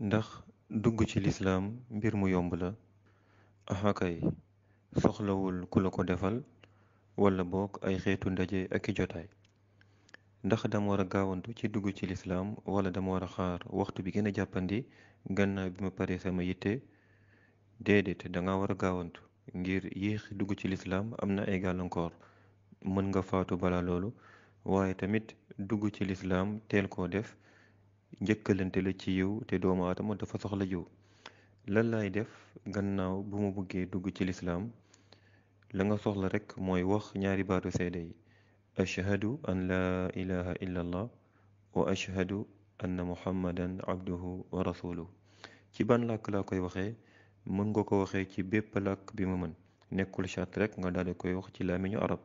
ndax dugg ci lislaam mbir mu yomb la axakay soxlawul ku la ko defal wala boog ay xeetu ndaje ak i jotaay ndax dama war a gaawantu ci dugg ci lislaam wala dama war a xaar waxtu bi gën a jàppandi gannaaw bi ma pare sama yitte déedéet danga war a gaawantu ngir yéexi dugg ci lislaam am na ay gàllankoor mën nga faatu bala loolu waaye tamit dugg ci lislaam teel koo def njëkkalante la ci yiw te doomu aadama dafa soxla yiw lan laay def gannaaw bu ma bëggee dugg ci lislaam la nga soxla rekk mooy wax ñaari baatu seede yi ashhadu an laa ilaha illa allah wa ashhadu anna muhammadan abduhu wa rasuluhu ci ban làkk laa koy waxee mën nga ko waxee ci bépp làkk bi ma mën nekkul chart rekk nga daal koy wax ci làmmiñu arab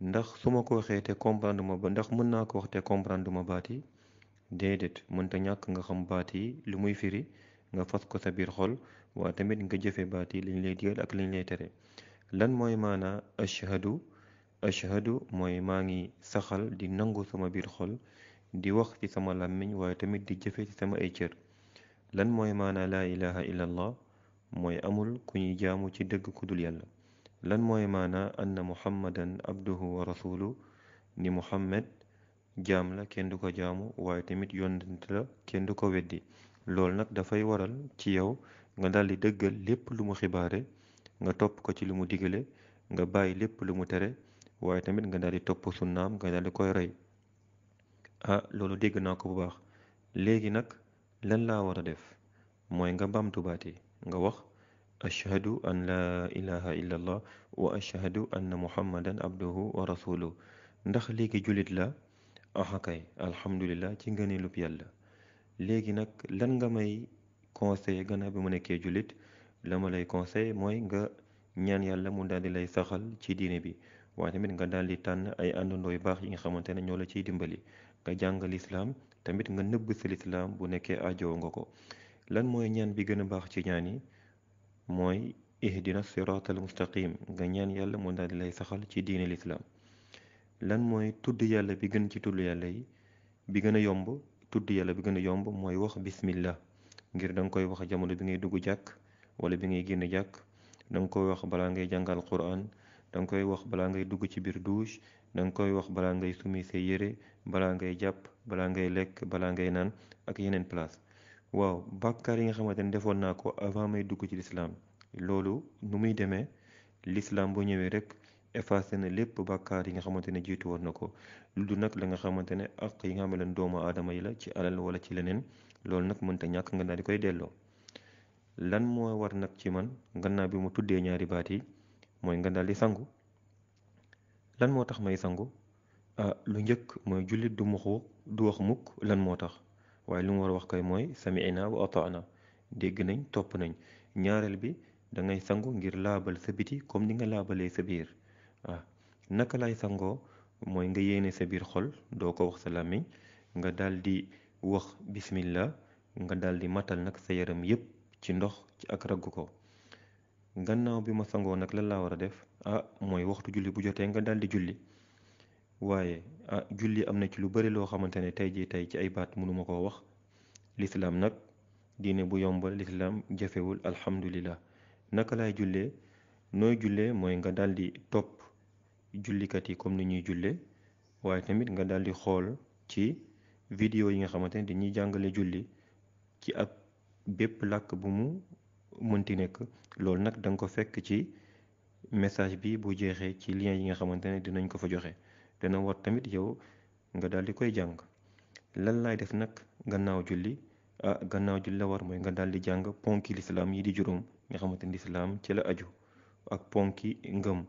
ndax su ma ko waxee te comprendre ma ba ndax mën naa ko wax te comprendre baat yi déedéet mënta ñàkk nga xam baat yi lu muy firi nga fas ko sa biir xol waa tamit nga jëfe baat yi liñ lay digal ak liñ lay tere lan mooy maana ashhadu ashhadu mooy maa ngi saxal di nangu sama biir xol di wax ci sama làmmiñ waaye tamit di jëfe sama ay cër lan mooy maana laa ilaha illallah mooy amul ku ñuy jaamu ci dëgg ku dul yàlla lan mooy maana anna muhammadan abduhu wa rasulu ni muhammad jaam la kenn du ko jaamu waaye tamit yonent la kenn du ko weddi loolu nag dafay waral ci yow nga daal di dëggal lépp lu mu xibaare nga topp ko ci lu mu digale nga bàyyi lépp lu mu tere waaye tamit nga daal di topp sunnaam nga daal koy roy ah loolu dégg naa ko bu baax léegi nag lan laa war a def mooy nga baamtu baati nga wax ashhadu an laa ilaha illa allah wa ashhadu anna muhammadan abduhu wa rasuluhu ndax léegi jullit la axakay alhamdulilah ci ngëneelub yàlla léegi nag lan nga may conseiller gannaaw bi ma nekkee jullit la ma lay conseiller mooy nga ñaan yàlla mu daal di lay saxal ci diine bi waaye tamit nga daal di tànn ay àndandoo yu baax yi nga xamante ne ñoo la ciy dimbali nga jàng lislaam tamit nga nëbb sa lislaam bu nekkee ajoo nga ko lan mooy ñaan bi gën a baax ci ñaan yi mooy ihdina siraatal mustaqim nga ñaan yàlla mu daal di lay saxal ci diine lislaam lan mooy tudd yàlla bi gën ci tudd yàlla yi bi gën a yomb tudd yàlla bi gën a yomb mooy wax bismillah ngir da nga koy wax jamono bi ngay dugg jàkk wala bi ngay génn jàkk da nga koy wax balaa ngay jàngal quran da koy wax balaa ngay dugg ci biir douche da nga koy wax balaa ngay sumi say yére balaa ngay jàpp balaa ngay lekk balaa ngay naan ak yeneen place waaw bàkkaar yi nga xamante ne defoon naa ko avant may dugg ci lislaam loolu nu muy demee lislaam bu ñëwee rek effacé na lépp bàkkaar yi nga xamante ne jiitu woon na ko lu du nag la nga xamante ne ak yi nga xam ne doomu aadama yi la ci alal wala ci leneen loolu nag mënta ñàkk nga daal di koy delloo lan moo war nag ci man gannaaw bi mu tuddee ñaari baat yi mooy nga daal di sangu lan moo tax may sangu ah, lu njëkk mooy jullit du muxu du wax mukk lan moo tax waaye lu mu war a wax kay mooy sami'na wa ata'na dégg nañ topp nañ ñaareel bi dangay sangu ngir laabal sa biti comme ni nga laabalee sa biir Ah. naka lay sangoo mooy nga yéene sa biir xol doo ko wax sa làmmiñ nga daal di wax bismillah nga daal di matal nag sa yaram yépp ci ndox ci ak raggu ko gannaaw bi ma sangoo nag lan laa war a def ah mooy waxtu julli bu jotee nga daal di julli waaye ah julli am na ci lu bari loo xamante ne tey jii tey ci ay baat mënuma koo wax lislaam nag diine bu yombal lislaam jafewul alhamdulillah naka lay jullee nooy jullee mooy nga daal topp jullikat yi comme ni ñuy julle waaye tamit nga daal di xool ci vidéo yi nga xamante ne dañuy jàngale julli ci ak bépp làkk bu mu mënti nekk loolu nag danga ko fekk ci message bi bu jeexee ci lien yi nga xamante ne dinañ ko fa joxe dana war tamit yow nga daal di koy jàng lan laay def nag gannaaw julli ah gannaaw julli la war mooy nga daal di jàng ponki lislaam yi di juróom nga xamante ni lislaam ci la aju ak ponki ngëm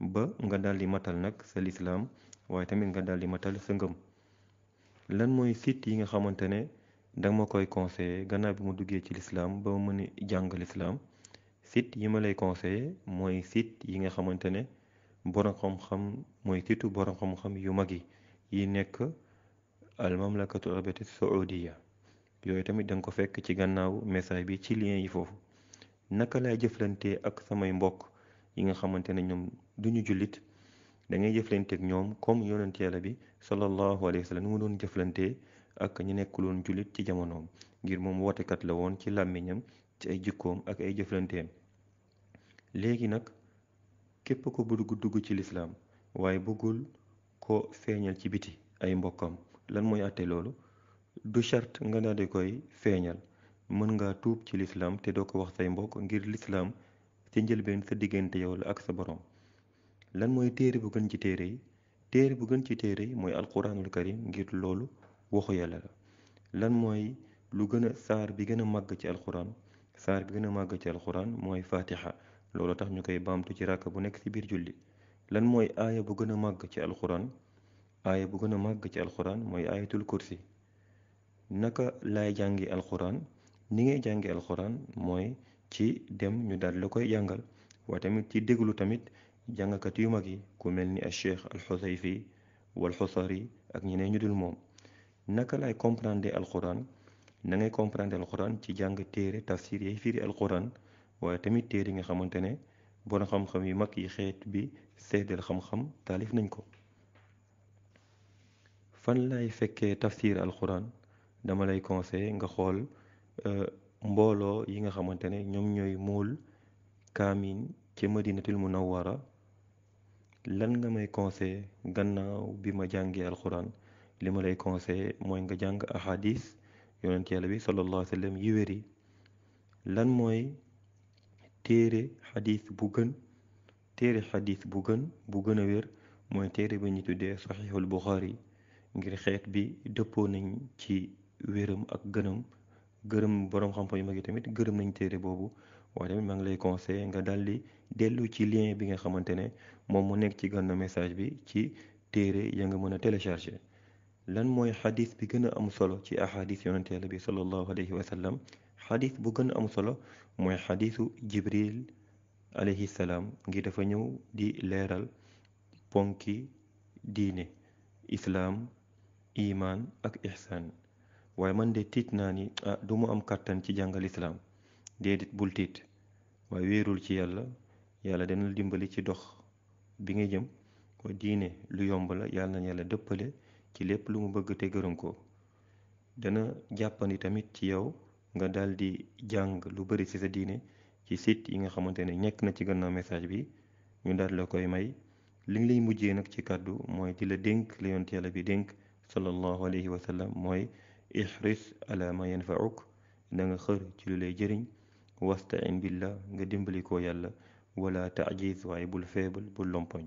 ba nga daldi matal nag sa lislaam waaye tamit nga daldi matal sa ngëm lan mooy site yi nga xamante ne danga ma koy conseiller gannaaw bi ma duggee ci lislaam ba ma mën a jàng lislaam site yi ma lay conseiller mooy site yi nga xamante ne borom xam-xam mooy situ borom xam-xam yu mag yi yi nekk al mamlakatu arabiyya saoudiya yooyu tamit danga ko fekk ci gannaaw message bi ci lien yi foofu naka laay jëflante ak samay mbokk yi nga xamante ne duñu jullit dangay ngay jëflanteeg ñoom comme yonent yàlla bi sallallahu alayhi wa sallam ni mu doon jëflantee ak ñu nekkuloon jullit ci jamonoom ngir moom wootekat la woon ci làmmiñam ci ay jikkoom ak ay jëflanteem léegi nag képp ko bëgg dugg ci lislaam waaye bëggul ko feeñal ci biti ay mbokkam lan mooy àtte loolu du charte nga daal koy feeñal mën nga tuub ci lislaam te doo ko wax say mbokk ngir lislaam ci njëlbeen sa diggante yow la ak sa borom lan mooy téere bu gën ci téere yi téere bu gën ci téere yi mooy alquranul karim ngir loolu waxu yàlla la lan mooy lu gën a saar bi gën a màgg ci alquran saar bi gën a màgg ci mooy fatiha loolu tax ñu koy baamtu ci ràkk bu nekk ci biir julli lan mooy aaya bu gën a màgg ci alquran aaya bu gën a màgg ci alquran mooy aayatul kursi naka laay jàngi alquran ni ngay jàngi alquran mooy ci dem ñu daal la koy jàngal waaye tamit ci déglu tamit jàngkat yu mag yi ku mel ni al cheikh al xusayfi wal xusari ak ñeneen ñu dul moom naka lay comprendre alquran na ngay comprendre alquran ci jàng téere tafsir yay firi alquran waaye tamit téere yi nga xamante ne borom xam-xam yu mag yi xeet bi seedal xam-xam taalif nañ ko fan lay fekkee tafsir alquran dama lay conseiller nga xool euh, mbooloo yi nga xamante ne ñoom ñooy muul kaamin ci madinatul munawwara lan nga may conseillé gannaaw bi ma jàngee alxuraan li ma lay conseillé mooy nga jàng ahadis yonent yàlla bi sallallahu alayhi wa sallam yi wér lan mooy téere xadis bu gën téere xadis bu gën bu gën a wér mooy téere bi ñu tuddee saxiixul buxaari ngir xeet bi dëppoo nañ ci wéram ak gënam gërëm boroom xam-xam mag tamit gërëm nañ téere boobu waaye tamit maa ngi lay conseillé nga daal di dellu ci lien bi nga xamante ne moom mu nekk ci gànnaaw message bi ci téere ya nga mën a téléchargé lan mooy xadis bi gën a am solo ci ahadis yonent yàlla bi sallallahu alayhi wa sallam xadis bu gën a am solo mooy xadisu jibril alayhi salaam ngir dafa ñëw di leeral ponki diine islaam imaan ak ihsaan waaye man de tiit naa ni ah du mu am kàttan ci jàngal islaam déedéet bul tiit waaye wéerul ci yàlla yàlla dana la dimbali ci dox bi nga jëm ko diine lu yomb la yàlla na yàlla dëppale ci lépp lu mu bëgg te gërëm ko dana jàppandi tamit ci yow nga dal di jàng lu bari ci sa diine ci site yi nga xamante ne ñekk na ci gannaaw message bi ñu daal la koy may li ngi lay mujjee nag ci kàddu mooy di la dénk la yonent yàlla bi dénk sallallahu alayhi wa mooy ihris ala ma yanfauk da nga xër ci lu lay jëriñ wastain billah nga dimbali ko yàlla wala taajis waaye bul feebal bul lompoñ